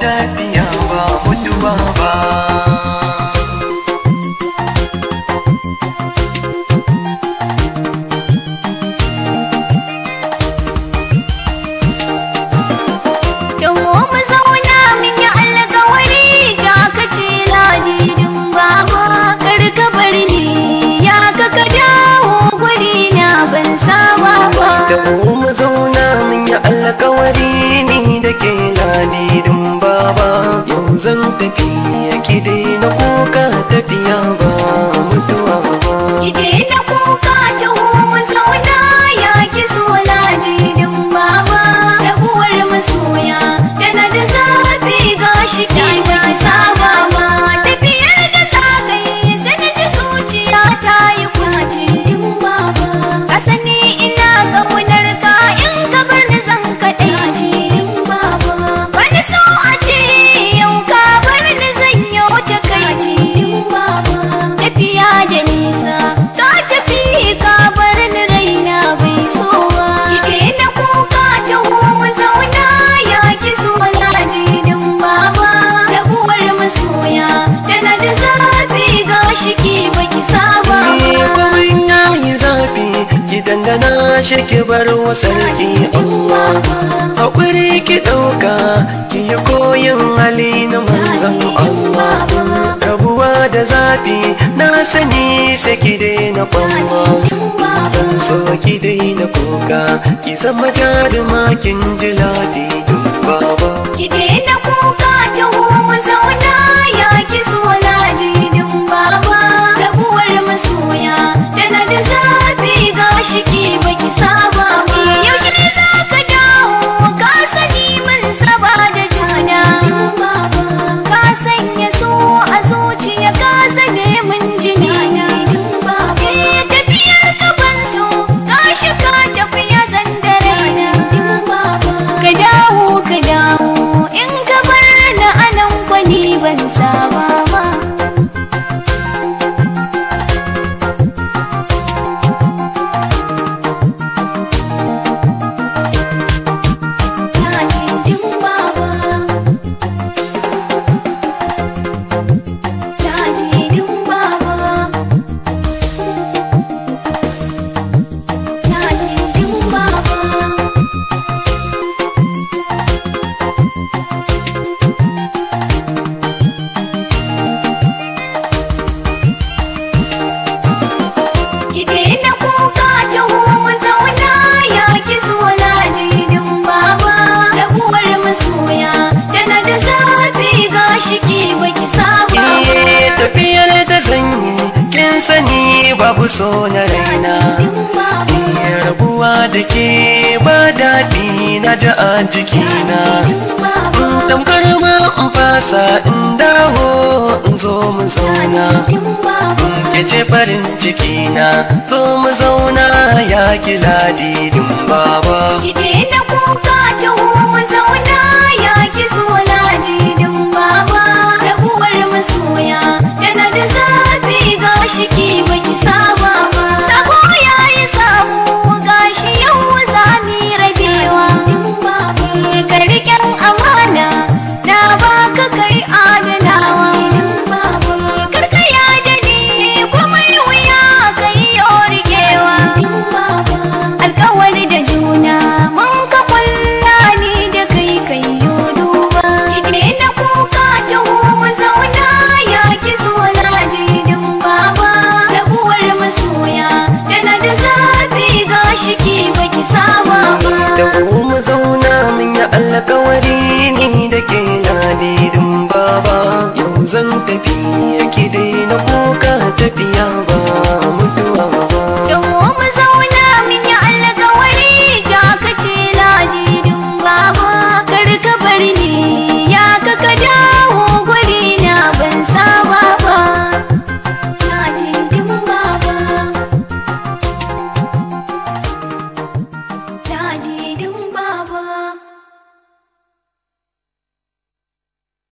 lafiya ba mutuwa ba zan tafi ya kide na kuka da na shi ki bar wa sarki Allah haƙuri ki ɗauka ki yi koyin hali na manzan Allah rabuwa da zafi na sani sai ki daina kwanwa zan so ki daina kuka ki zama jarumakin jiladi ni babu sona raina in rabuwa da ke ba daɗi na ji a jikina tamkar ma in fasa in dawo in zo mu zauna ke ce farin cikina zo mu zauna ya kila ladidin baba